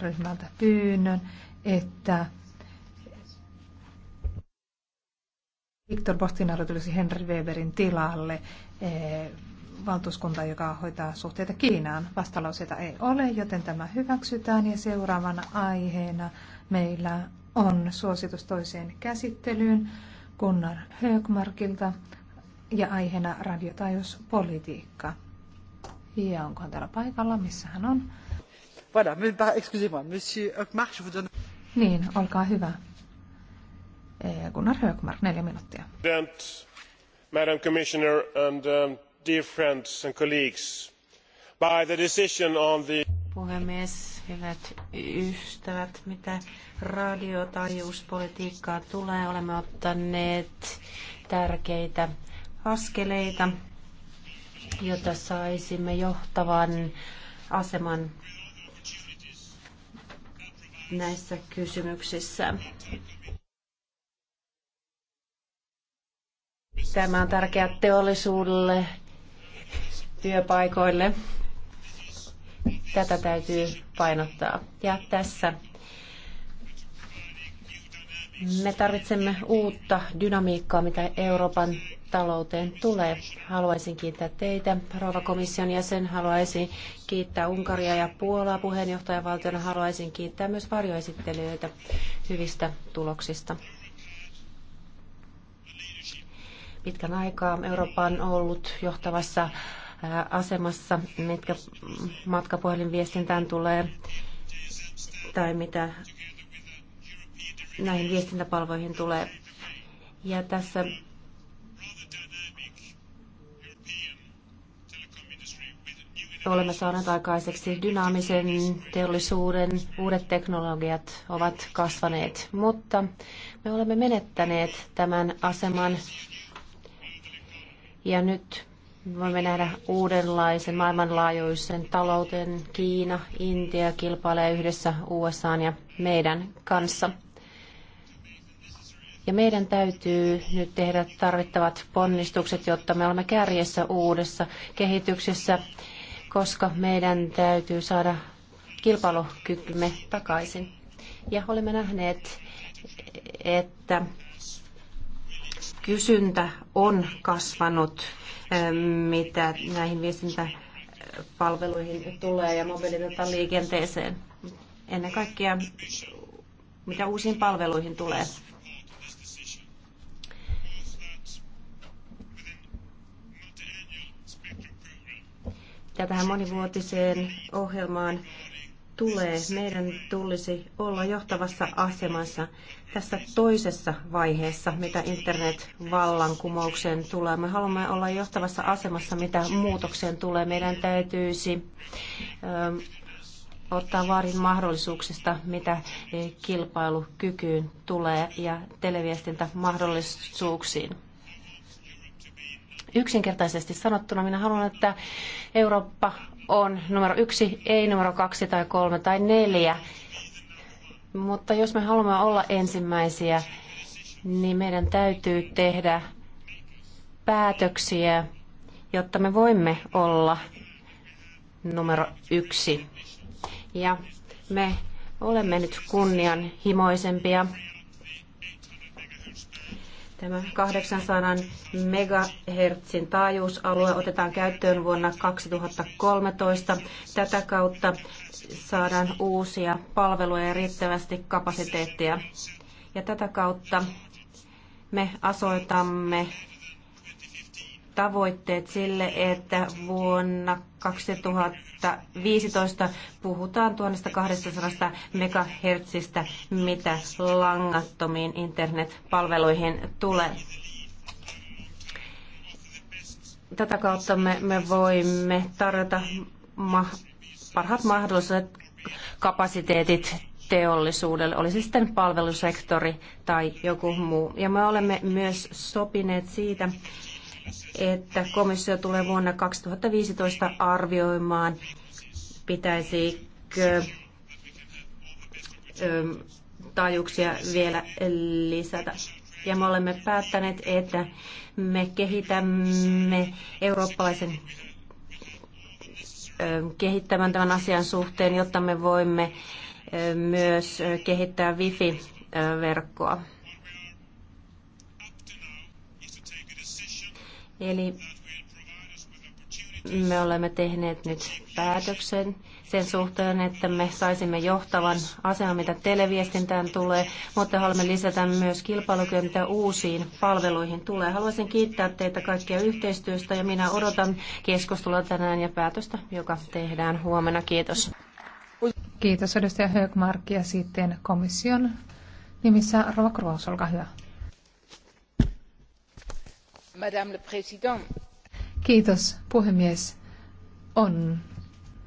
ryhmältä pyynnön, että Viktor Bostinaro tulisi Henry Weberin tilalle eh, valtuuskunta, joka hoitaa suhteita Kiinaan. Vastalauseita ei ole, joten tämä hyväksytään ja seuraavana aiheena meillä on suositus toiseen käsittelyyn Gunnar Högmarkilta ja aiheena radiotaajuuspolitiikka. Ja onkohan täällä paikalla, missä hän on? Niin, olkaa hyvä. Gunnar Högmark, neljä minuuttia. Madam Commissioner and um, dear friends and colleagues, by the decision on the puhemies, hyvät ystävät, mitä radiotaajuuspolitiikkaa tulee, olemme ottaneet tärkeitä askeleita, jotta saisimme johtavan aseman näissä kysymyksissä. Tämä on tärkeää teollisuudelle, työpaikoille. Tätä täytyy painottaa. Ja tässä me tarvitsemme uutta dynamiikkaa, mitä Euroopan talouteen tulee. Haluaisin kiittää teitä, rouva komission jäsen. Haluaisin kiittää Unkaria ja Puolaa puheenjohtajavaltiona. Haluaisin kiittää myös varjoesittelijöitä hyvistä tuloksista. Pitkän aikaa Eurooppa on ollut johtavassa asemassa, mitkä matkapuhelinviestintään tulee tai mitä näihin viestintäpalvoihin tulee. Ja tässä olemme saaneet aikaiseksi dynaamisen teollisuuden, uudet teknologiat ovat kasvaneet, mutta me olemme menettäneet tämän aseman ja nyt voimme nähdä uudenlaisen maailmanlaajuisen talouden. Kiina, Intia kilpailee yhdessä USA ja meidän kanssa. Ja meidän täytyy nyt tehdä tarvittavat ponnistukset, jotta me olemme kärjessä uudessa kehityksessä koska meidän täytyy saada kilpailukykymme takaisin. Ja olemme nähneet, että kysyntä on kasvanut, eh, mitä näihin viestintäpalveluihin tulee ja mobiilidatan liikenteeseen. Ennen kaikkea, mitä uusiin palveluihin tulee. mitä tähän monivuotiseen ohjelmaan tulee, meidän tulisi olla johtavassa asemassa tässä toisessa vaiheessa, mitä internet-vallankumoukseen tulee. Me haluamme olla johtavassa asemassa, mitä muutokseen tulee. Meidän täytyisi ö, ähm, ottaa vaarin mahdollisuuksista, mitä eh, kilpailukykyyn tulee ja televiestintämahdollisuuksiin. Yksinkertaisesti sanottuna minä haluan, että Eurooppa on numero yksi, ei numero kaksi tai kolme tai neljä. Mutta jos me haluamme olla ensimmäisiä, niin meidän täytyy tehdä päätöksiä, jotta me voimme olla numero yksi. Ja me olemme nyt kunnianhimoisempia Tämä 800 megahertsin taajuusalue otetaan käyttöön vuonna 2013. Tätä kautta saadaan uusia palveluja ja riittävästi kapasiteettia. Ja tätä kautta me asoitamme tavoitteet sille, että vuonna 2015 puhutaan 200 megahertsistä, mitä langattomiin internetpalveluihin tulee. Tätä kautta me, me voimme tarjota ma- parhaat mahdolliset kapasiteetit teollisuudelle, oli se sitten palvelusektori tai joku muu. Ja me olemme myös sopineet siitä, että komissio tulee vuonna 2015 arvioimaan, pitäisikö taajuuksia vielä lisätä. Ja me olemme päättäneet, että me kehitämme eurooppalaisen kehittämään tämän asian suhteen, jotta me voimme myös kehittää wifi-verkkoa. Eli me olemme tehneet nyt päätöksen sen suhteen, että me saisimme johtavan aseman, mitä televiestintään tulee, mutta haluamme lisätä myös kilpailukykyä, mitä uusiin palveluihin tulee. Haluaisin kiittää teitä kaikkia yhteistyöstä ja minä odotan keskustelua tänään ja päätöstä, joka tehdään huomenna. Kiitos. Kiitos edustaja Höökmark ja sitten komission nimissä Rova Kruos, olkaa hyvä. Kiitos puhemies. On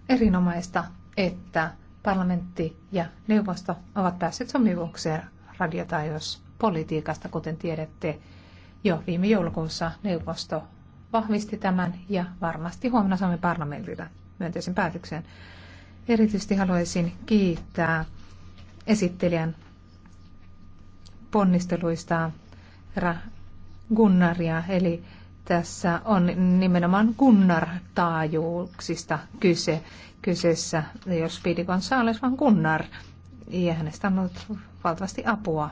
erinomaista, että parlamentti ja neuvosto ovat päässeet sopimukseen radiotaajuuspolitiikasta, kuten tiedätte. Jo viime joulukuussa neuvosto vahvisti tämän ja varmasti huomenna saamme parlamentilta myönteisen päätöksen. Erityisesti haluaisin kiittää esittelijän ponnisteluista Gunnaria, eli tässä on nimenomaan Gunnar-taajuuksista kyse. Kyseessä jos Pidikon saa olisi vain Gunnar, ja hänestä on ollut valtavasti apua.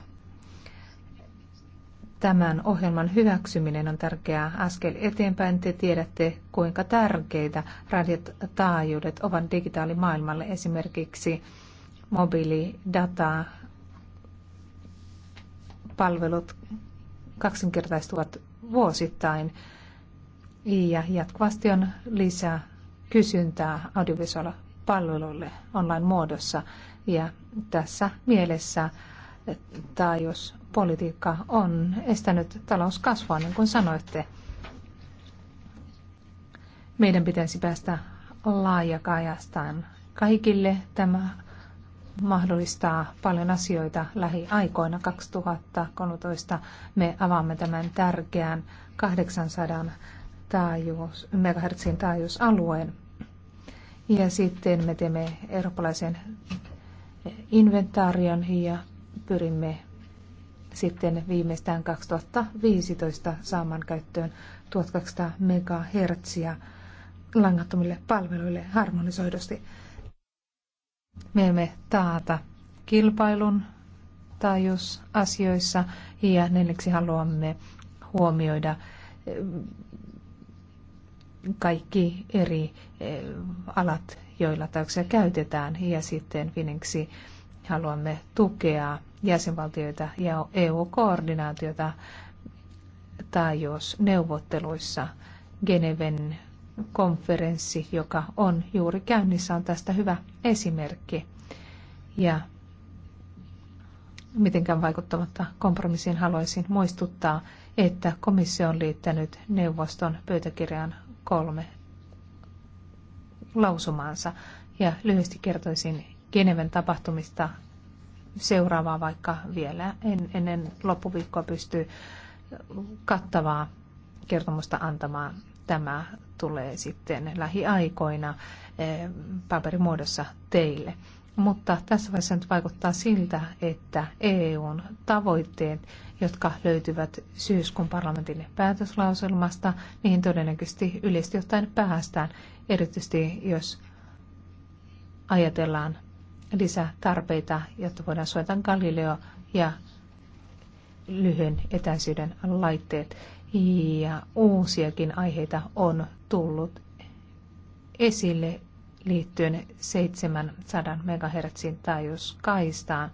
Tämän ohjelman hyväksyminen on tärkeä askel eteenpäin. Te tiedätte, kuinka tärkeitä radiotaajuudet ovat digitaalimaailmalle. Esimerkiksi mobiilidata, palvelut kaksinkertaistuvat vuosittain ja jatkuvasti on lisää kysyntää audiovisuaalipalveluille online-muodossa ja tässä mielessä jos politiikka on estänyt talouskasvua, niin kuin sanoitte. Meidän pitäisi päästä laajakaajastaan kaikille. Tämä mahdollistaa paljon asioita lähiaikoina 2013. Me avaamme tämän tärkeän 800 taajuus, megahertsin taajuusalueen. Ja sitten me teemme eurooppalaisen inventaarion ja pyrimme sitten viimeistään 2015 saamaan käyttöön 1200 megahertsiä langattomille palveluille harmonisoidusti. Me emme taata kilpailun taajuusasioissa ja neljäksi haluamme huomioida eh, kaikki eri eh, alat, joilla taaksia käytetään. Ja sitten viimeksi haluamme tukea jäsenvaltioita ja EU-koordinaatiota taajuusneuvotteluissa Geneven konferenssi, joka on juuri käynnissä, on tästä hyvä esimerkki. Ja mitenkään vaikuttamatta kompromissiin haluaisin muistuttaa, että komissio on liittänyt neuvoston pöytäkirjaan kolme lausumaansa. Ja lyhyesti kertoisin Geneven tapahtumista seuraavaa, vaikka vielä en, ennen loppuviikkoa pysty kattavaa kertomusta antamaan tämä tulee sitten lähiaikoina eh, paperimuodossa teille. Mutta tässä vaiheessa nyt vaikuttaa siltä, että EUn tavoitteet, jotka löytyvät syyskuun parlamentin päätöslauselmasta, niihin todennäköisesti yleisesti ottaen päästään, erityisesti jos ajatellaan lisätarpeita, jotta voidaan suojata Galileo ja lyhyen etäisyyden laitteet ja uusiakin aiheita on tullut esille liittyen 700 MHz taajuuskaistaan.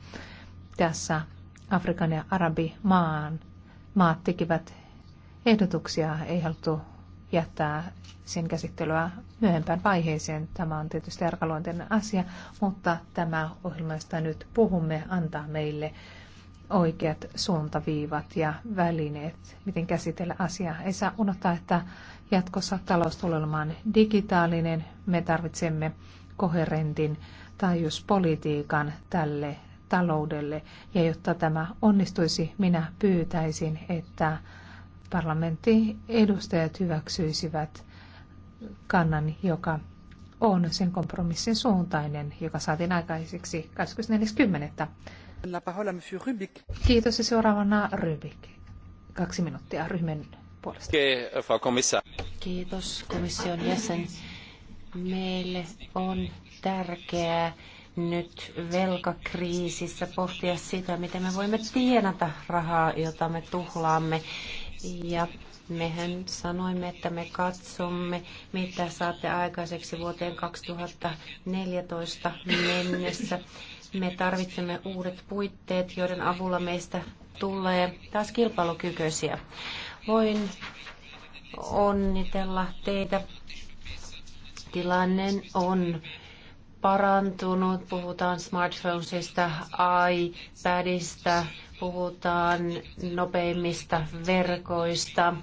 Tässä Afrikan ja Arabi maan maat tekivät ehdotuksia, ei haluttu jättää sen käsittelyä myöhempään vaiheeseen. Tämä on tietysti arkaluonteinen asia, mutta tämä ohjelma, josta nyt puhumme, antaa meille oikeat suuntaviivat ja välineet, miten käsitellä asiaa. Ei saa unohtaa, että jatkossa talous tulee olemaan digitaalinen. Me tarvitsemme koherentin taajuuspolitiikan tälle taloudelle. Ja jotta tämä onnistuisi, minä pyytäisin, että parlamentin edustajat hyväksyisivät kannan, joka on sen kompromissin suuntainen, joka saatiin aikaiseksi 24.10. Kiitos ja seuraavana Rybik. Kaksi minuuttia ryhmän puolesta. Kiitos komission jäsen. Meille on tärkeää nyt velkakriisissä pohtia sitä, miten me voimme tienata rahaa, jota me tuhlaamme. Ja mehän sanoimme, että me katsomme, mitä saatte aikaiseksi vuoteen 2014 mennessä. Me tarvitsemme uudet puitteet, joiden avulla meistä tulee taas kilpailukykyisiä. Voin onnitella teitä. Tilanne on parantunut, puhutaan smartphonesista, iPadista, puhutaan nopeimmista verkoista,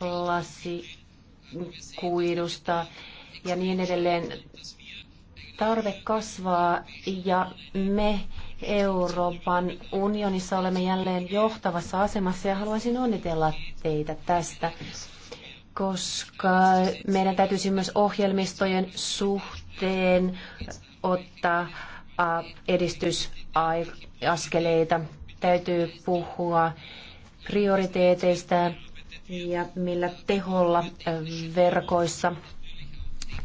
lasikuidusta ja niin edelleen tarve kasvaa ja me Euroopan unionissa olemme jälleen johtavassa asemassa ja haluaisin onnitella teitä tästä, koska meidän täytyisi myös ohjelmistojen suhteen ottaa edistysaskeleita. Täytyy puhua prioriteeteista ja millä teholla verkoissa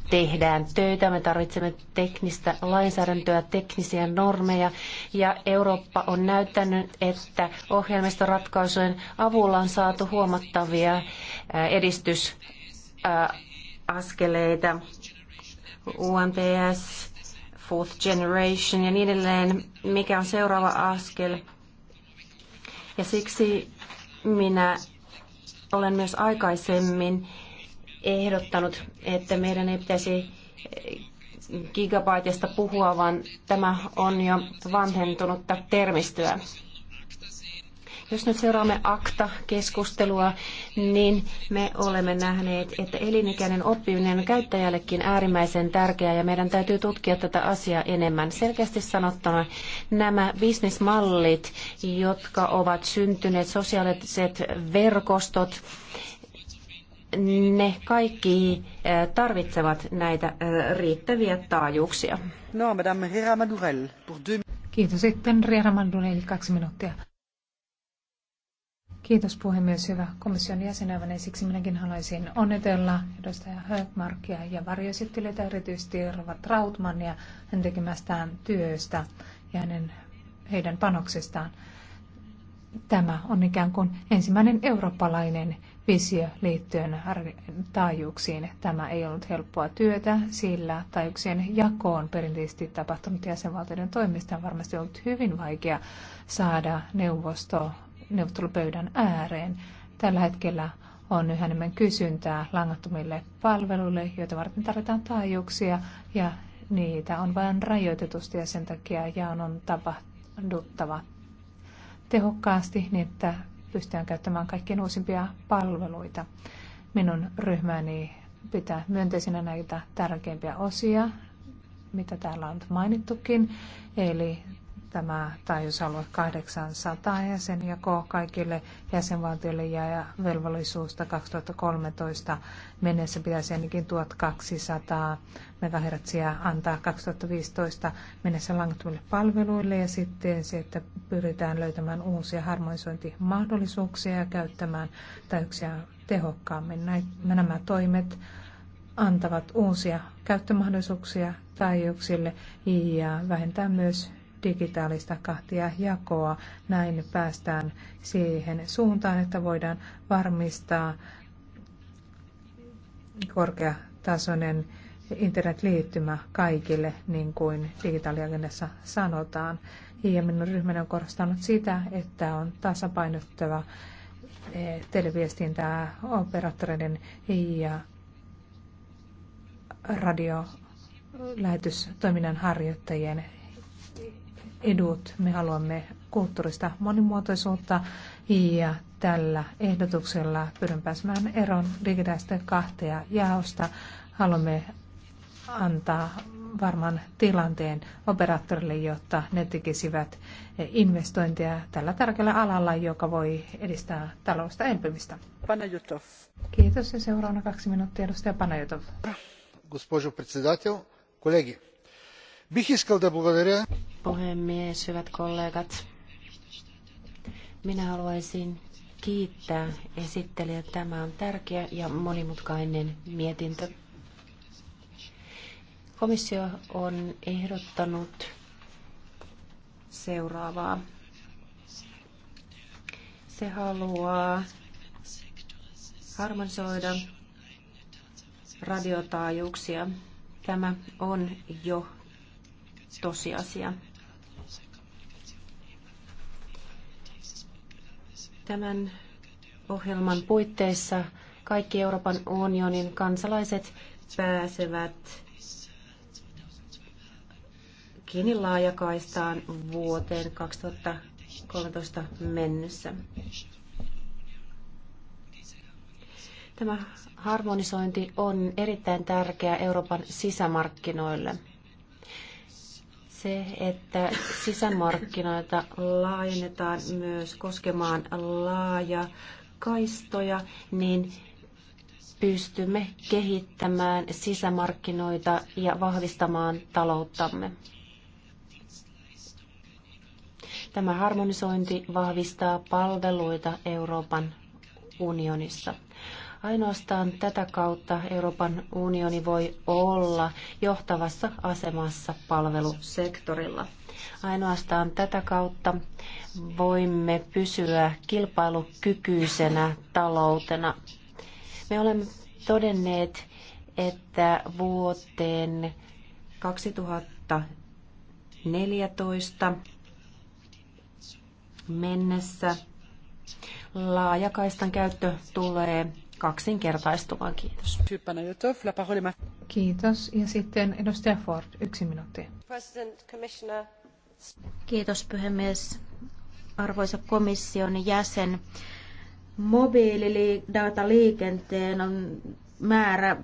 tehdään töitä. Me tarvitsemme teknistä lainsäädäntöä, teknisiä normeja ja Eurooppa on näyttänyt, että ohjelmistoratkaisujen avulla on saatu huomattavia edistysaskeleita. UMPS, Fourth Generation ja niin edelleen, mikä on seuraava askel. Ja siksi minä olen myös aikaisemmin ehdottanut, että meidän ei pitäisi gigabaitista puhua, vaan tämä on jo vanhentunutta termistöä. Jos nyt seuraamme akta-keskustelua, niin me olemme nähneet, että elinikäinen oppiminen on käyttäjällekin äärimmäisen tärkeää ja meidän täytyy tutkia tätä asiaa enemmän. Selkeästi sanottuna nämä bisnismallit, jotka ovat syntyneet, sosiaaliset verkostot, ne kaikki tarvitsevat näitä riittäviä taajuuksia. No, madame Herrera Madurel, pour deux... Kiitos. Sitten Riera Madurel, kaksi minuuttia. Kiitos puhemies, hyvä komission jäsen. siksi minäkin haluaisin onnitella edustaja Högmarkia ja varjoesittelijöitä erityisesti Rova Trautmania hän tekemästään työstä ja hänen, heidän panoksestaan. Tämä on ikään kuin ensimmäinen eurooppalainen visio liittyen taajuuksiin. Tämä ei ollut helppoa työtä, sillä taajuuksien jako on perinteisesti tapahtunut jäsenvaltioiden toimista. On varmasti ollut hyvin vaikea saada neuvosto neuvottelupöydän ääreen. Tällä hetkellä on yhä enemmän kysyntää langattomille palveluille, joita varten tarvitaan taajuuksia ja niitä on vain rajoitetusti ja sen takia ja on tapahduttava tehokkaasti niin, että pystytään käyttämään kaikkien uusimpia palveluita. Minun ryhmäni pitää myönteisenä näitä tärkeimpiä osia, mitä täällä on mainittukin, eli tämä taajuusalue 800 ja sen kaikille jäsenvaltioille ja velvollisuusta 2013 mennessä pitäisi ainakin 1200 MHz antaa 2015 mennessä langattomille palveluille ja sitten se, että pyritään löytämään uusia harmonisointimahdollisuuksia ja käyttämään täyksiä tehokkaammin. Nämä toimet antavat uusia käyttömahdollisuuksia taajuuksille ja vähentää myös digitaalista kahtia jakoa. Näin päästään siihen suuntaan, että voidaan varmistaa korkeatasoinen internetliittymä kaikille, niin kuin digitaaliagendassa sanotaan. Ja minun ryhmäni on korostanut sitä, että on tasapainottava eh, televiestintää operaattoreiden ja radiolähetystoiminnan harjoittajien edut. Me haluamme kulttuurista monimuotoisuutta ja tällä ehdotuksella pyydän pääsemään eron digitaalista kahtea jaosta. Haluamme antaa varman tilanteen operaattorille, jotta ne tekisivät investointeja tällä tärkeällä alalla, joka voi edistää talousta elpymistä. Panajutov. Kiitos ja seuraavana kaksi minuuttia edustaja Panajutov. Госпожо presidentti, колеги, Puhemies, hyvät kollegat. Minä haluaisin kiittää esittelijä. Tämä on tärkeä ja monimutkainen mietintö. Komissio on ehdottanut seuraavaa. Se haluaa harmonisoida radiotaajuuksia. Tämä on jo tosiasia. Tämän ohjelman puitteissa kaikki Euroopan unionin kansalaiset pääsevät kiinni laajakaistaan vuoteen 2013 mennessä. Tämä harmonisointi on erittäin tärkeä Euroopan sisämarkkinoille se, että sisämarkkinoita laajennetaan myös koskemaan laaja kaistoja, niin pystymme kehittämään sisämarkkinoita ja vahvistamaan talouttamme. Tämä harmonisointi vahvistaa palveluita Euroopan unionissa. Ainoastaan tätä kautta Euroopan unioni voi olla johtavassa asemassa palvelusektorilla. Ainoastaan tätä kautta voimme pysyä kilpailukykyisenä taloutena. Me olemme todenneet, että vuoteen 2014 mennessä laajakaistan käyttö tulee kaksinkertaistumaan. Kiitos. Kiitos. Ja sitten edustaja Ford, yksi minuutti. Kiitos puhemies. Arvoisa komission jäsen, mobiilidataliikenteen on määrä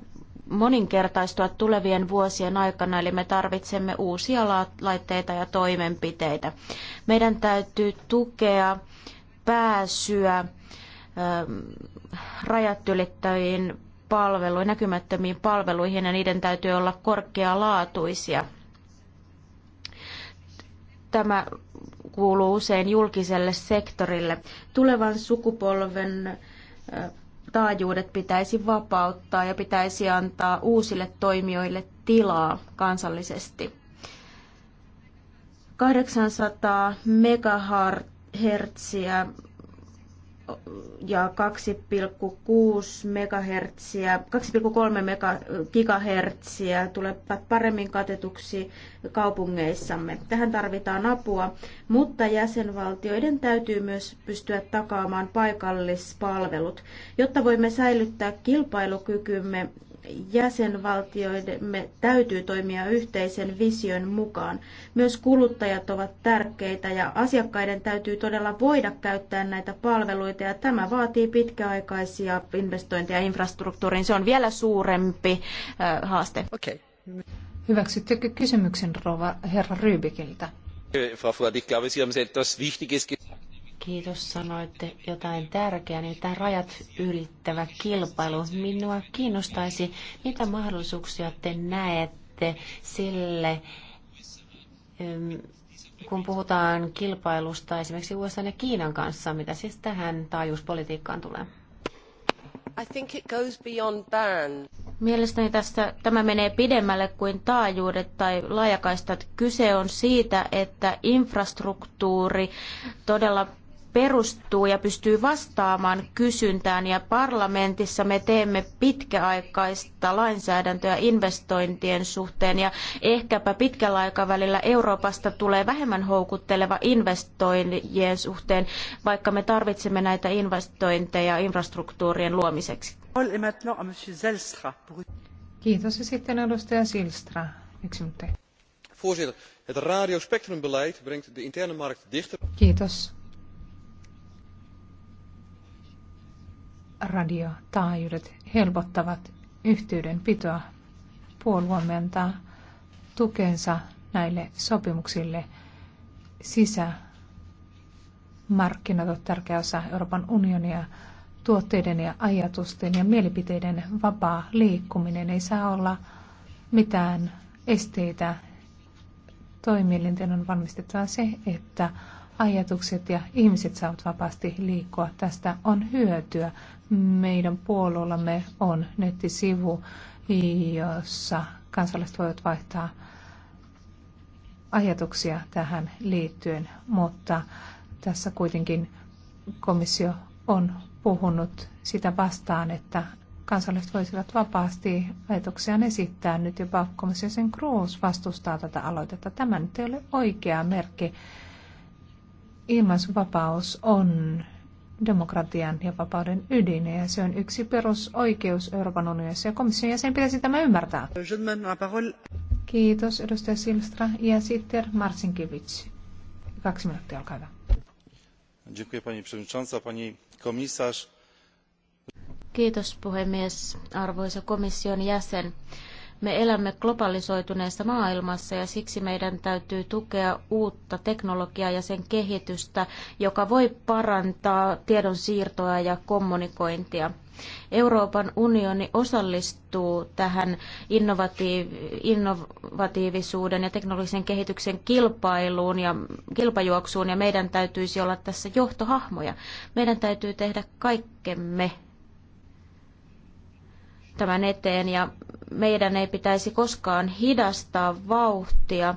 moninkertaistua tulevien vuosien aikana, eli me tarvitsemme uusia laitteita ja toimenpiteitä. Meidän täytyy tukea pääsyä Ähm, rajat ylittäviin palveluihin, näkymättömiin palveluihin ja niiden täytyy olla korkealaatuisia. Tämä kuuluu usein julkiselle sektorille. Tulevan sukupolven äh, taajuudet pitäisi vapauttaa ja pitäisi antaa uusille toimijoille tilaa kansallisesti. 800 megahertsiä ja 2,6 MHz, 2,3 mega, GHz tulevat paremmin katetuksi kaupungeissamme. Tähän tarvitaan apua, mutta jäsenvaltioiden täytyy myös pystyä takaamaan paikallispalvelut. Jotta voimme säilyttää kilpailukykymme jäsenvaltioidemme täytyy toimia yhteisen vision mukaan. Myös kuluttajat ovat tärkeitä ja asiakkaiden täytyy todella voida käyttää näitä palveluita ja tämä vaatii pitkäaikaisia investointeja infrastruktuuriin. Se on vielä suurempi äh, haaste. Okay. Hyväksyttekö kysymyksen rouva herra Rybikiltä? Frau ich glaube, Sie haben etwas Wichtiges Kiitos, sanoitte jotain tärkeää, niin tämä rajat ylittävä kilpailu. Minua kiinnostaisi, mitä mahdollisuuksia te näette sille, kun puhutaan kilpailusta esimerkiksi USA ja Kiinan kanssa, mitä siis tähän taajuuspolitiikkaan tulee? I think it goes beyond band. Mielestäni tässä, tämä menee pidemmälle kuin taajuudet tai laajakaistat. Kyse on siitä, että infrastruktuuri todella perustuu ja pystyy vastaamaan kysyntään ja parlamentissa me teemme pitkäaikaista lainsäädäntöä investointien suhteen ja ehkäpä pitkällä aikavälillä Euroopasta tulee vähemmän houkutteleva investointien suhteen, vaikka me tarvitsemme näitä investointeja infrastruktuurien luomiseksi. Kiitos ja sitten edustaja Silstra. Yksi Voorzitter, het radiospectrumbeleid brengt de interne markt dichter. Kiitos radiotaajuudet helpottavat yhteydenpitoa. Puolueemme antaa tukensa näille sopimuksille sisämarkkinat ovat tärkeä osa Euroopan unionia. Tuotteiden ja ajatusten ja mielipiteiden vapaa liikkuminen ei saa olla mitään esteitä toimielinten on varmistettava se, että ajatukset ja ihmiset saavat vapaasti liikkua. Tästä on hyötyä. Meidän puolueellamme on nettisivu, jossa kansalaiset voivat vaihtaa ajatuksia tähän liittyen, mutta tässä kuitenkin komissio on puhunut sitä vastaan, että kansalaiset voisivat vapaasti ajatuksiaan esittää. Nyt jopa sen Cruz vastustaa tätä aloitetta. Tämä nyt ei ole oikea merkki ilmaisuvapaus on demokratian ja vapauden ydin, ja se on yksi perusoikeus Euroopan unionissa, ja komission jäsen pitäisi tämä ymmärtää. Kiitos, edustaja Silstra. Ja sitten Marsinkiewicz, Kaksi minuuttia, olkaa hyvä. komisarz. Kiitos, puhemies, arvoisa komission jäsen. Me elämme globalisoituneessa maailmassa ja siksi meidän täytyy tukea uutta teknologiaa ja sen kehitystä, joka voi parantaa tiedon siirtoa ja kommunikointia. Euroopan unioni osallistuu tähän innovatiivisuuden ja teknologisen kehityksen kilpailuun ja kilpajuoksuun ja meidän täytyisi olla tässä johtohahmoja. Meidän täytyy tehdä kaikkemme tämän eteen ja meidän ei pitäisi koskaan hidastaa vauhtia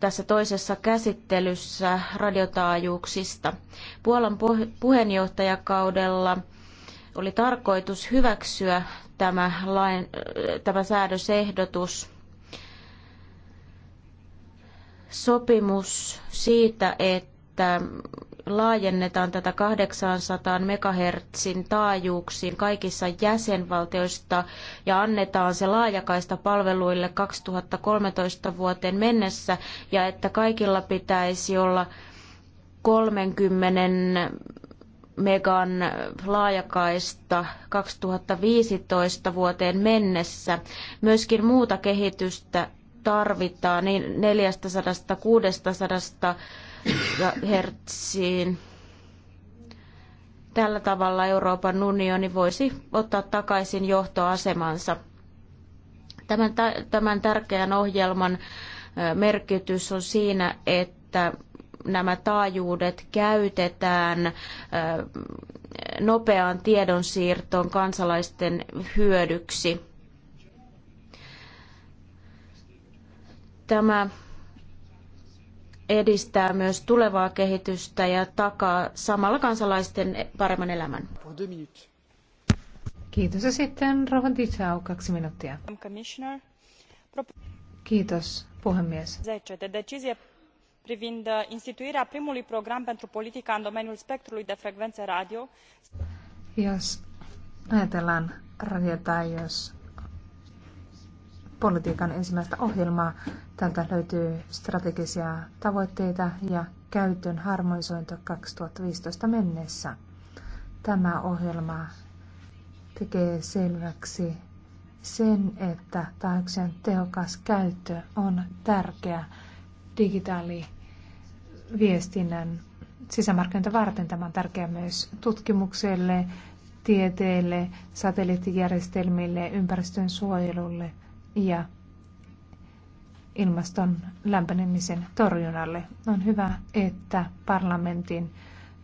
tässä toisessa käsittelyssä radiotaajuuksista. Puolan puheenjohtajakaudella oli tarkoitus hyväksyä tämä, lain, tämä säädösehdotus. Sopimus siitä, että laajennetaan tätä 800 megahertsin taajuuksiin kaikissa jäsenvaltioista ja annetaan se laajakaista palveluille 2013 vuoteen mennessä ja että kaikilla pitäisi olla 30 megan laajakaista 2015 vuoteen mennessä. Myöskin muuta kehitystä tarvitaan niin 400 600 hertsiin. Tällä tavalla Euroopan unioni voisi ottaa takaisin johtoasemansa. Tämän, tämän tärkeän ohjelman merkitys on siinä, että nämä taajuudet käytetään nopeaan tiedonsiirtoon kansalaisten hyödyksi. Tämä edistää myös tulevaa kehitystä ja takaa samalla kansalaisten paremman elämän. Kiitos ja sitten Rova kaksi minuuttia. Kiitos, puhemies. privind uh, instituirea primului program pentru politica în domeniul spectrului de frecvențe radio. Jos ajatellaan radio tai jos politiikan ensimmäistä ohjelmaa. Tältä löytyy strategisia tavoitteita ja käytön harmonisointi 2015 mennessä. Tämä ohjelma tekee selväksi sen, että taakseen tehokas käyttö on tärkeä digitaaliviestinnän sisämarkkinoita varten. Tämä on tärkeä myös tutkimukselle, tieteelle, satelliittijärjestelmille, ympäristön suojelulle ja ilmaston lämpenemisen torjunnalle. On hyvä, että parlamentin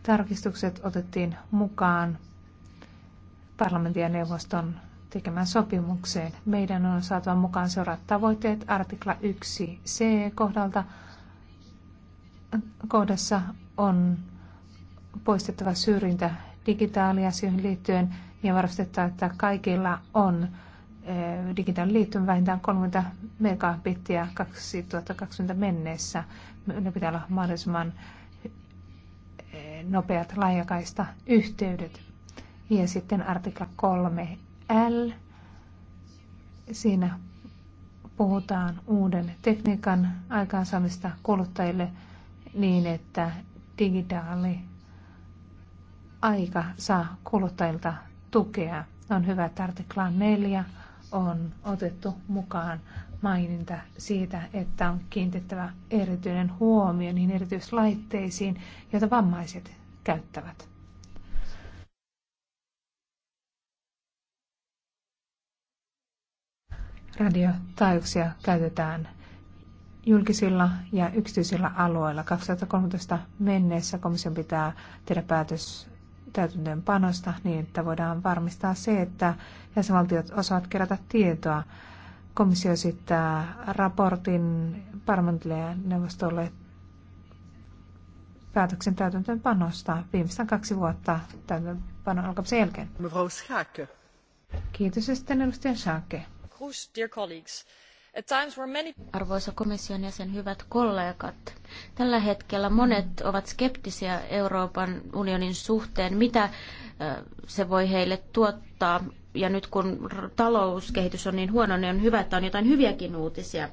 tarkistukset otettiin mukaan parlamentin ja neuvoston tekemään sopimukseen. Meidän on saatava mukaan seuraavat tavoitteet artikla 1c kohdalta. Kohdassa on poistettava syrjintä digitaaliasioihin liittyen ja varmistettava, että kaikilla on Eh, digitaaliliittymä vähintään 30 megabittiä 2020 mennessä. Ne pitää olla mahdollisimman eh, nopeat laajakaista yhteydet. Ja sitten artikla 3L. Siinä puhutaan uuden tekniikan aikaansaamista kuluttajille niin, että digitaali aika saa kuluttajilta tukea. On hyvä, että artikla 4 on otettu mukaan maininta siitä, että on kiinnitettävä erityinen huomio niihin erityislaitteisiin, joita vammaiset käyttävät. Radiotaajuuksia käytetään julkisilla ja yksityisillä alueilla. 2013 mennessä komission pitää tehdä päätös panosta niin, että voidaan varmistaa se, että jäsenvaltiot osaavat kerätä tietoa. Komissio esittää raportin parlamentille ja neuvostolle päätöksen panosta viimeistään kaksi vuotta täytäntöönpanon alkamisen jälkeen. Kiitos ja sitten edustaja Schake. Kiitos, dear colleagues. Arvoisa komission jäsen, hyvät kollegat, tällä hetkellä monet ovat skeptisiä Euroopan unionin suhteen, mitä se voi heille tuottaa. Ja nyt kun talouskehitys on niin huono, niin on hyvä, että on jotain hyviäkin uutisia.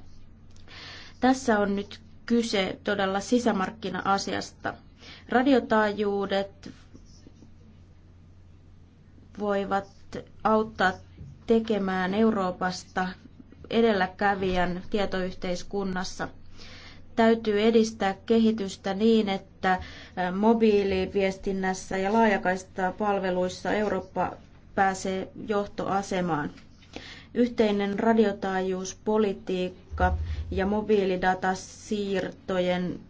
Tässä on nyt kyse todella sisämarkkina-asiasta. Radiotaajuudet voivat auttaa tekemään Euroopasta edelläkävijän tietoyhteiskunnassa. Täytyy edistää kehitystä niin, että mobiiliviestinnässä ja laajakaista palveluissa Eurooppa pääsee johtoasemaan. Yhteinen radiotaajuuspolitiikka ja mobiilidatasiirtojen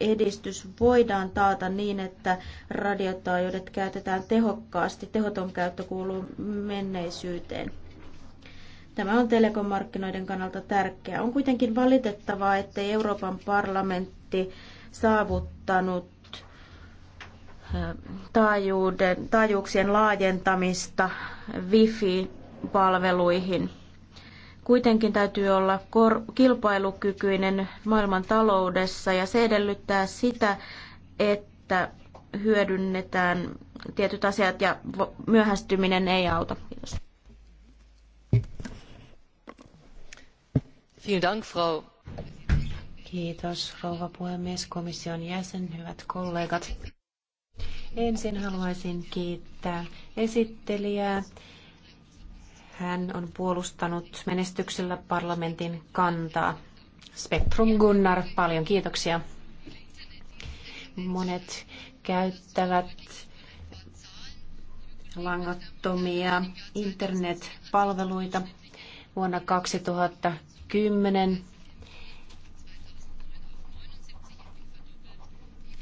edistys voidaan taata niin, että radiotaajuudet käytetään tehokkaasti. Tehoton käyttö kuuluu menneisyyteen. Tämä on telekomarkkinoiden kannalta tärkeää. On kuitenkin valitettavaa, ettei Euroopan parlamentti saavuttanut taajuuden, taajuuksien laajentamista wifi-palveluihin. Kuitenkin täytyy olla kilpailukykyinen maailman taloudessa ja se edellyttää sitä, että hyödynnetään tietyt asiat ja myöhästyminen ei auta. Frau. Kiitos rouva puhemies, komission jäsen, hyvät kollegat. Ensin haluaisin kiittää esittelijää. Hän on puolustanut menestyksellä parlamentin kantaa. Spektrum Gunnar, paljon kiitoksia. Monet käyttävät langattomia internetpalveluita. Vuonna 2000. Kymmenen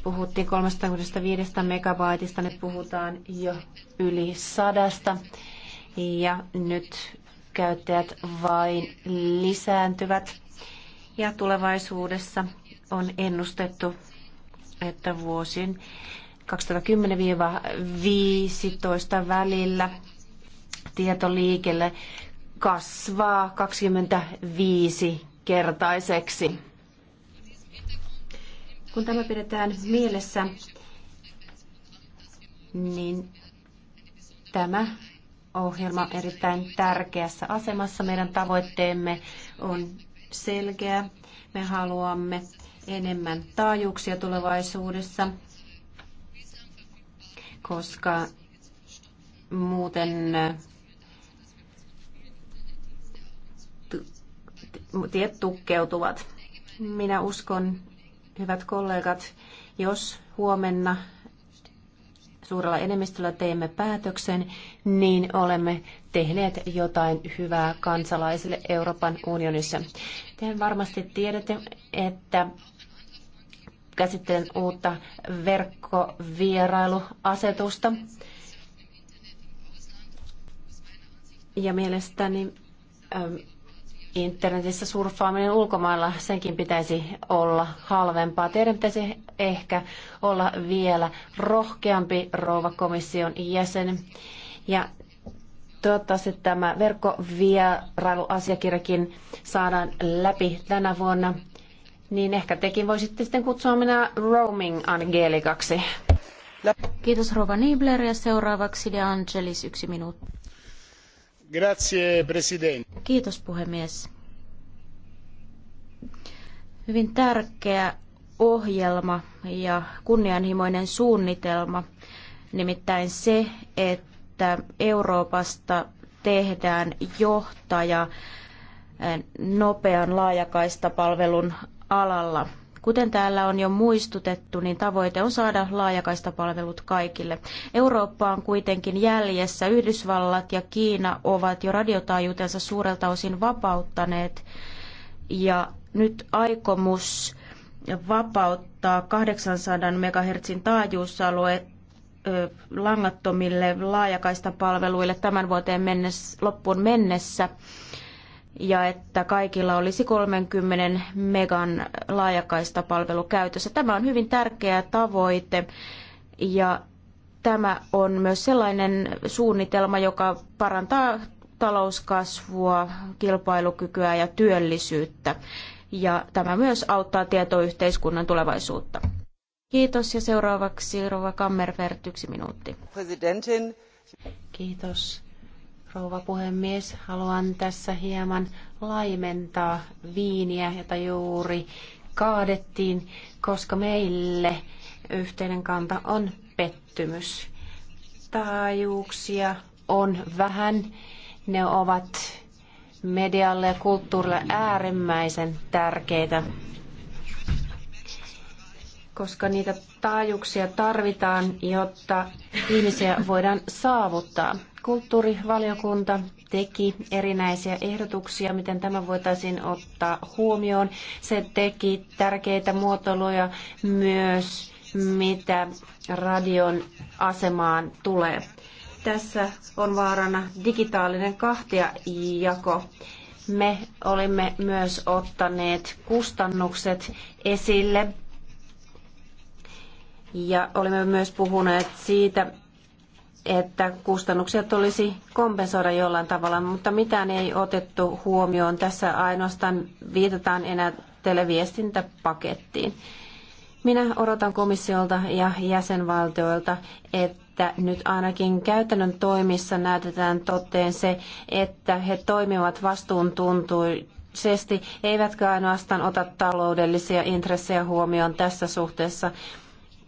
puhuttiin 365 megabaitista, nyt puhutaan jo yli sadasta. Ja nyt käyttäjät vain lisääntyvät. Ja tulevaisuudessa on ennustettu, että vuosin 2010-2015 välillä tietoliikelle kasvaa 25-kertaiseksi. Kun tämä pidetään mielessä, niin tämä ohjelma on erittäin tärkeässä asemassa. Meidän tavoitteemme on selkeä. Me haluamme enemmän taajuuksia tulevaisuudessa, koska muuten tiet tukkeutuvat. Minä uskon, hyvät kollegat, jos huomenna suurella enemmistöllä teemme päätöksen, niin olemme tehneet jotain hyvää kansalaisille Euroopan unionissa. Te varmasti tiedätte, että käsittelen uutta verkkovierailuasetusta. Ja mielestäni internetissä surffaaminen ulkomailla, senkin pitäisi olla halvempaa. Teidän pitäisi ehkä olla vielä rohkeampi rouva komission jäsen. Ja toivottavasti tämä verkkovierailuasiakirjakin saadaan läpi tänä vuonna. Niin ehkä tekin voisitte sitten kutsua minä roaming Angelikaksi. Kiitos Rova Niebler ja seuraavaksi De Angelis yksi minuutti. Kiitos puhemies. Hyvin tärkeä ohjelma ja kunnianhimoinen suunnitelma, nimittäin se, että Euroopasta tehdään johtaja eh, nopean laajakaistapalvelun alalla. Kuten täällä on jo muistutettu, niin tavoite on saada laajakaistapalvelut kaikille. Eurooppa on kuitenkin jäljessä. Yhdysvallat ja Kiina ovat jo radiotaajuutensa suurelta osin vapauttaneet. Ja nyt aikomus vapauttaa 800 megahertsin taajuusalue langattomille laajakaistapalveluille tämän vuoteen mennessä, loppuun mennessä ja että kaikilla olisi 30 megan laajakaistapalvelu käytössä. Tämä on hyvin tärkeä tavoite ja tämä on myös sellainen suunnitelma, joka parantaa talouskasvua, kilpailukykyä ja työllisyyttä. Ja tämä myös auttaa tietoyhteiskunnan tulevaisuutta. Kiitos ja seuraavaksi Rova Kammervert, yksi minuutti. Kiitos rouva puhemies. Haluan tässä hieman laimentaa viiniä, jota juuri kaadettiin, koska meille yhteinen kanta on pettymys. Taajuuksia on vähän. Ne ovat medialle ja kulttuurille äärimmäisen tärkeitä, koska niitä taajuuksia tarvitaan, jotta ihmisiä voidaan saavuttaa. Kulttuurivaliokunta teki erinäisiä ehdotuksia, miten tämä voitaisiin ottaa huomioon. Se teki tärkeitä muotoiluja myös, mitä radion asemaan tulee. Tässä on vaarana digitaalinen kahtiajako. Me olimme myös ottaneet kustannukset esille ja olimme myös puhuneet siitä, että kustannuksia tulisi kompensoida jollain tavalla, mutta mitään ei otettu huomioon. Tässä ainoastaan viitataan enää televiestintäpakettiin. Minä odotan komissiolta ja jäsenvaltioilta, että nyt ainakin käytännön toimissa näytetään toteen se, että he toimivat vastuuntuntuisesti, eivätkä ainoastaan ota taloudellisia intressejä huomioon tässä suhteessa,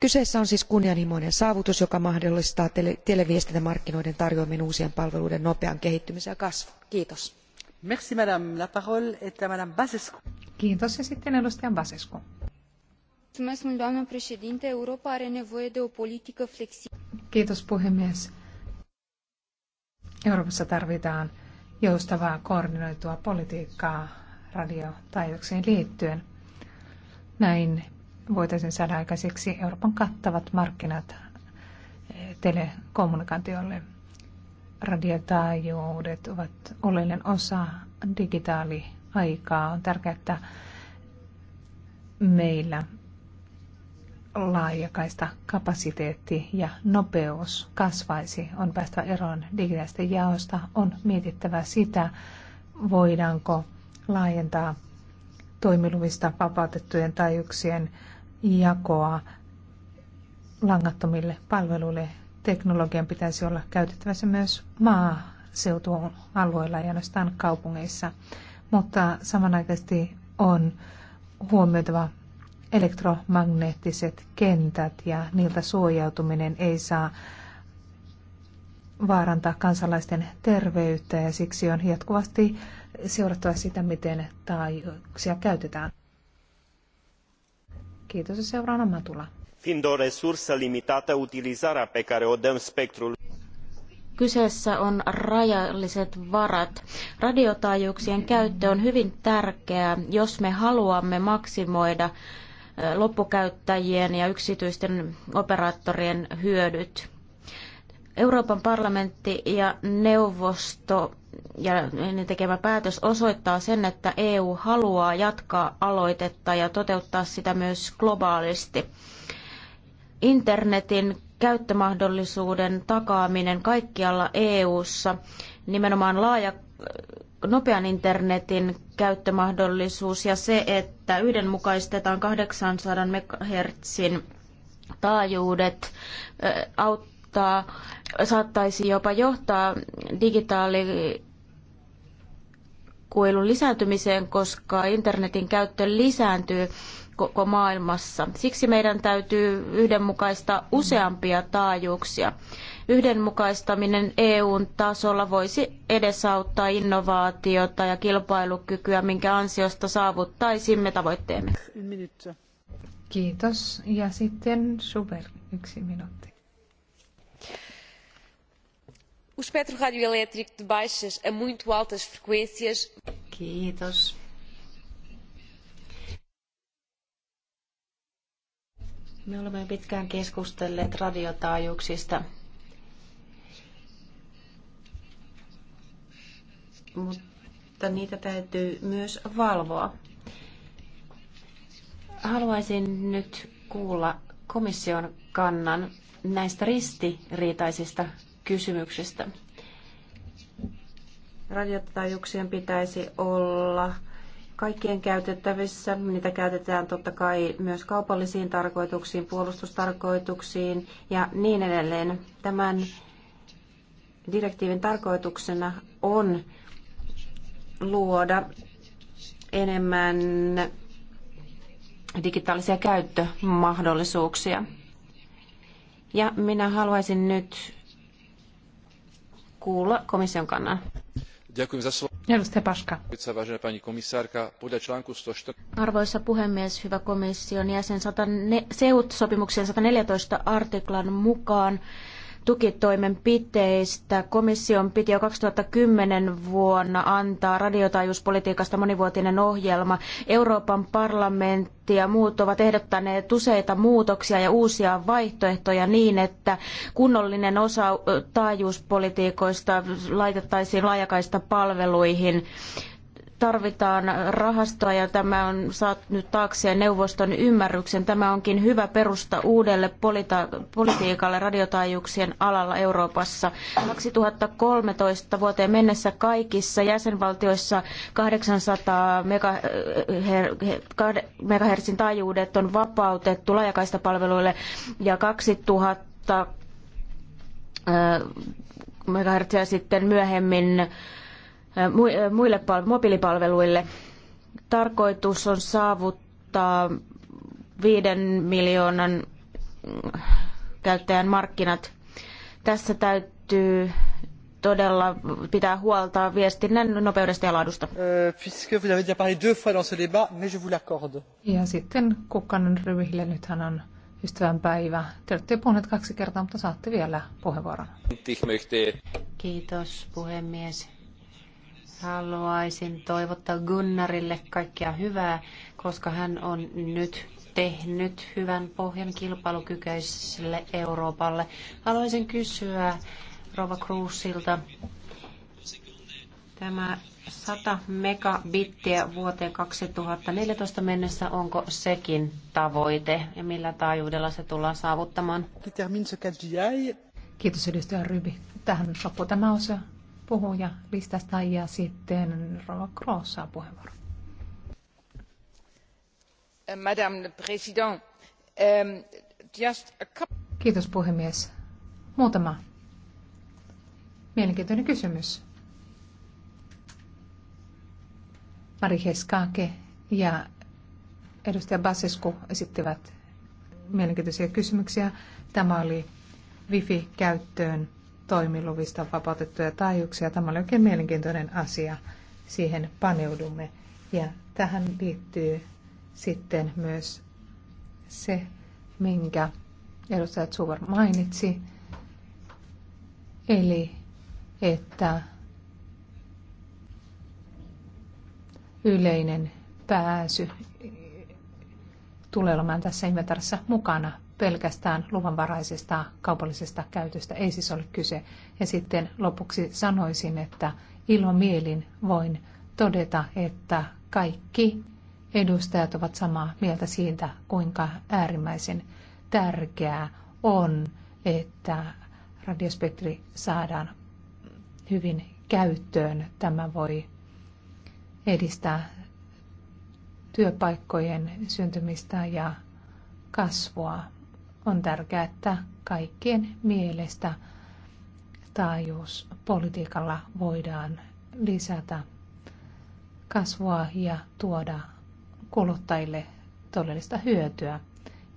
kyseessä on siis kunnianhimoinen saavutus joka mahdollistaa televiestintämarkkinoiden tarjoamien uusien palveluiden nopean kehittymisen ja kasvun. kiitos. Kiitos ja sitten Kiitos puhemies. Euroopassa tarvitaan joustavaa koordinoitua politiikkaa radiotaajuuksiin liittyen. Näin voitaisiin saada aikaiseksi Euroopan kattavat markkinat eh, telekommunikaatiolle. Radiotaajuudet ovat oleellinen osa digitaaliaikaa. On tärkeää, että meillä laajakaista kapasiteetti ja nopeus kasvaisi. On päästä eroon digitaalista jaosta. On mietittävä sitä, voidaanko laajentaa toimiluvista vapautettujen taajuuksien jakoa langattomille palveluille. Teknologian pitäisi olla käytettävässä myös maaseutualueilla ja ainoastaan kaupungeissa, mutta samanaikaisesti on huomioitava elektromagneettiset kentät ja niiltä suojautuminen ei saa vaarantaa kansalaisten terveyttä ja siksi on jatkuvasti seurattava sitä, miten taajuuksia käytetään. Kiitos seuraavana Matula. Fiind o resursă limitată, utilizarea pe care o dăm spectrului Kyseessä on rajalliset varat. Radiotaajuuksien käyttö on hyvin tärkeää, jos me haluamme maksimoida loppukäyttäjien ja yksityisten operaattorien hyödyt. Euroopan parlamentti ja neuvosto ja tekemä päätös osoittaa sen, että EU haluaa jatkaa aloitetta ja toteuttaa sitä myös globaalisti. Internetin käyttömahdollisuuden takaaminen kaikkialla EU:ssa, nimenomaan laaja nopean internetin käyttömahdollisuus ja se, että yhdenmukaistetaan 800 MHz taajuudet auttaa johtaa, saattaisi jopa johtaa digitaali kuilun lisääntymiseen, koska internetin käyttö lisääntyy koko maailmassa. Siksi meidän täytyy yhdenmukaista useampia taajuuksia. Yhdenmukaistaminen EUn tasolla voisi edesauttaa innovaatiota ja kilpailukykyä, minkä ansiosta saavuttaisimme tavoitteemme. Kiitos. Ja sitten Super, yksi minuutti. O espectro radioelétrico de baixas a muito altas frequências. Me olemme pitkään keskustelleet radiotaajuuksista, mutta niitä täytyy myös valvoa. Haluaisin nyt kuulla komission kannan näistä ristiriitaisista kysymyksestä. Radiotaajuuksien pitäisi olla kaikkien käytettävissä. Niitä käytetään totta kai myös kaupallisiin tarkoituksiin, puolustustarkoituksiin ja niin edelleen. Tämän direktiivin tarkoituksena on luoda enemmän digitaalisia käyttömahdollisuuksia. Ja minä haluaisin nyt kuulla komission kannan. Arvoisa puhemies, hyvä komission jäsen, seut-sopimuksen 114 artiklan mukaan tukitoimenpiteistä. Komission piti jo 2010 vuonna antaa radiotaajuuspolitiikasta monivuotinen ohjelma. Euroopan parlamentti ja muut ovat ehdottaneet useita muutoksia ja uusia vaihtoehtoja niin, että kunnollinen osa taajuuspolitiikoista laitettaisiin laajakaista palveluihin tarvitaan rahastoa ja tämä on saanut taakseen neuvoston ymmärryksen. Tämä onkin hyvä perusta uudelle politiikalle radiotaajuuksien alalla Euroopassa. 2013 vuoteen mennessä kaikissa jäsenvaltioissa 800 megahertsin taajuudet on vapautettu laajakaistapalveluille ja 2000 megahertsiä sitten myöhemmin muille mobiilipalveluille. Tarkoitus on saavuttaa viiden miljoonan mm, käyttäjän markkinat. Tässä täytyy todella pitää huolta viestinnän nopeudesta ja laadusta. Ja sitten Kukkanen Ryhille nythän on ystävän päivä. Te olette puhuneet kaksi kertaa, mutta saatte vielä puheenvuoron. Kiitos puhemies. Haluaisin toivottaa Gunnarille kaikkea hyvää, koska hän on nyt tehnyt hyvän pohjan kilpailukykyiselle Euroopalle. Haluaisin kysyä Rova Cruzilta tämä 100 megabittiä vuoteen 2014 mennessä, onko sekin tavoite ja millä taajuudella se tullaan saavuttamaan? Kiitos edustaja Ryby. Tähän loppuu tämä osa puhuja listasta ja sitten Rova Kroos saa puheenvuoron. Eh, Madame President, um, eh, just a couple... Kiitos puhemies. Muutama mielenkiintoinen kysymys. Mari Heskaake ja edustaja Basescu esittivät mielenkiintoisia kysymyksiä. Tämä oli wifi-käyttöön toimiluvista vapautettuja taajuuksia. Tämä oli oikein mielenkiintoinen asia. Siihen paneudumme. Ja tähän liittyy sitten myös se, minkä edustaja Zuber mainitsi, eli että yleinen pääsy tulee olemaan tässä Inventarissa mukana pelkästään luvanvaraisesta kaupallisesta käytöstä ei siis ole kyse. Ja sitten lopuksi sanoisin, että ilomielin voin todeta, että kaikki edustajat ovat samaa mieltä siitä, kuinka äärimmäisen tärkeää on, että radiospektri saadaan hyvin käyttöön. Tämä voi edistää työpaikkojen syntymistä ja kasvua. On tärkeää, että kaikkien mielestä taajuuspolitiikalla voidaan lisätä kasvua ja tuoda kuluttajille todellista hyötyä.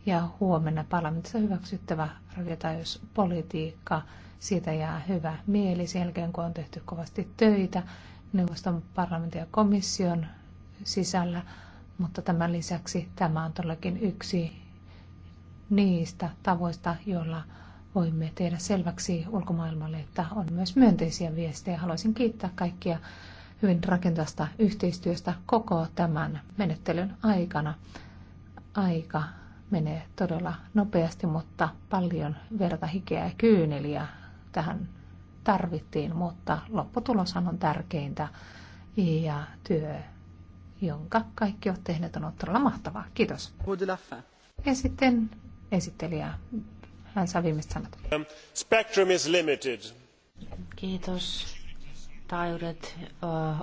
Ja huomenna parlamentissa hyväksyttävä radiotaajuuspolitiikka, siitä jää hyvä mieli sen jälkeen, kun on tehty kovasti töitä neuvoston parlamentin ja komission sisällä, mutta tämän lisäksi tämä on todellakin yksi niistä tavoista, joilla voimme tehdä selväksi ulkomaailmalle, että on myös myönteisiä viestejä. Haluaisin kiittää kaikkia hyvin rakentavasta yhteistyöstä koko tämän menettelyn aikana. Aika menee todella nopeasti, mutta paljon verta, hikeä ja kyyneliä tähän tarvittiin, mutta lopputuloshan on tärkeintä ja työ, jonka kaikki ovat tehneet, on ollut todella mahtavaa. Kiitos. Ja sitten esittelijää. Hän saa viimeiset sanat. Um, spectrum is limited. Kiitos. Taajuudet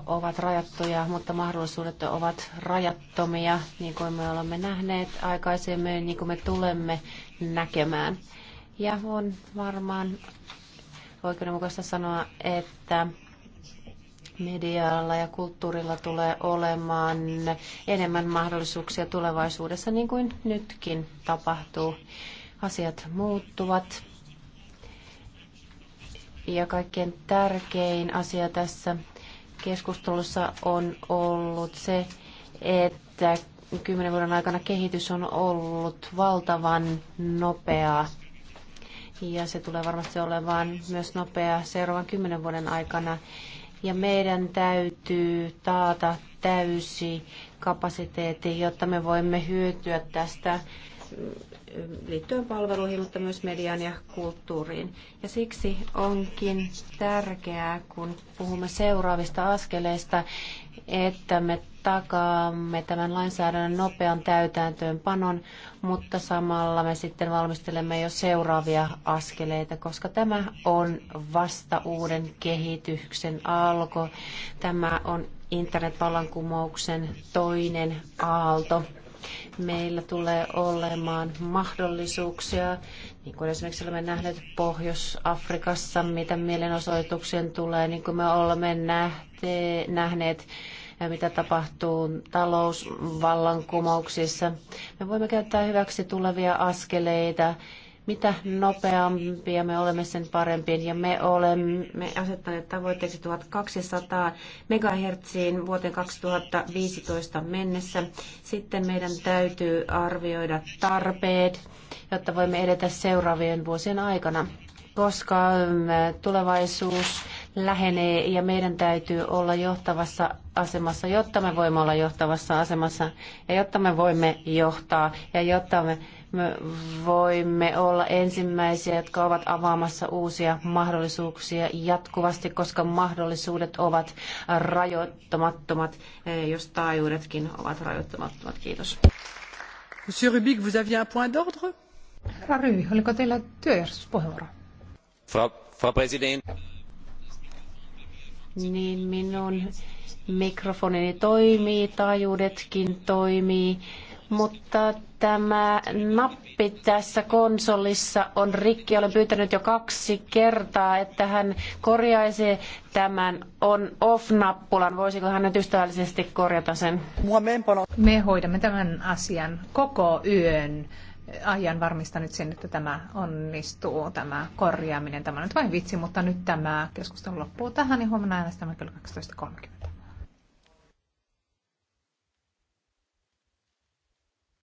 ovat rajattuja, mutta mahdollisuudet ovat rajattomia, niin kuin me olemme nähneet aikaisemmin, niin kuin me tulemme näkemään. Ja on varmaan oikeudenmukaista sanoa, että medialla ja kulttuurilla tulee olemaan enemmän mahdollisuuksia tulevaisuudessa, niin kuin nytkin tapahtuu. Asiat muuttuvat. Ja kaikkein tärkein asia tässä keskustelussa on ollut se, että kymmenen vuoden aikana kehitys on ollut valtavan nopeaa. Ja se tulee varmasti olemaan myös nopea seuraavan kymmenen vuoden aikana ja meidän täytyy taata täysi kapasiteetti, jotta me voimme hyötyä tästä mm, liittyen palveluihin, mutta myös mediaan ja kulttuuriin. Ja siksi onkin tärkeää, kun puhumme seuraavista askeleista, että me takaamme tämän lainsäädännön nopean täytäntöönpanon, mutta samalla me sitten valmistelemme jo seuraavia askeleita, koska tämä on vasta uuden kehityksen alko. Tämä on internetvallankumouksen toinen aalto. Meillä tulee olemaan mahdollisuuksia, niin kuin esimerkiksi olemme nähneet Pohjois-Afrikassa, mitä mielenosoituksen tulee, niin kuin me olemme nähneet ja mitä tapahtuu talousvallankumouksissa. Me voimme käyttää hyväksi tulevia askeleita. Mitä nopeampia me olemme sen parempi ja me olemme asettaneet tavoitteeksi 1200 megahertsiin vuoteen 2015 mennessä. Sitten meidän täytyy arvioida tarpeet, jotta voimme edetä seuraavien vuosien aikana koska tulevaisuus lähenee ja meidän täytyy olla johtavassa asemassa, jotta me voimme olla johtavassa asemassa ja jotta me voimme johtaa ja jotta me, me voimme olla ensimmäisiä, jotka ovat avaamassa uusia mahdollisuuksia jatkuvasti, koska mahdollisuudet ovat rajoittamattomat, eh, jos taajuudetkin ovat rajoittamattomat. Kiitos. Monsieur Rubik, vous aviez un point d'ordre? Herra Ryvi, oliko teillä työjärjestyspuheenvuoro? Frau, Frau Präsident niin minun mikrofonini toimii, taajuudetkin toimii, mutta tämä nappi tässä konsolissa on rikki. Olen pyytänyt jo kaksi kertaa, että hän korjaisi tämän on-off-nappulan. Voisiko hän nyt ystävällisesti korjata sen? Me hoidamme tämän asian koko yön ajan varmistanut sen, että tämä onnistuu, tämä korjaaminen. Tämä on nyt vain vitsi, mutta nyt tämä keskustelu loppuu tähän niin huomenna äänestämme kello 12.30.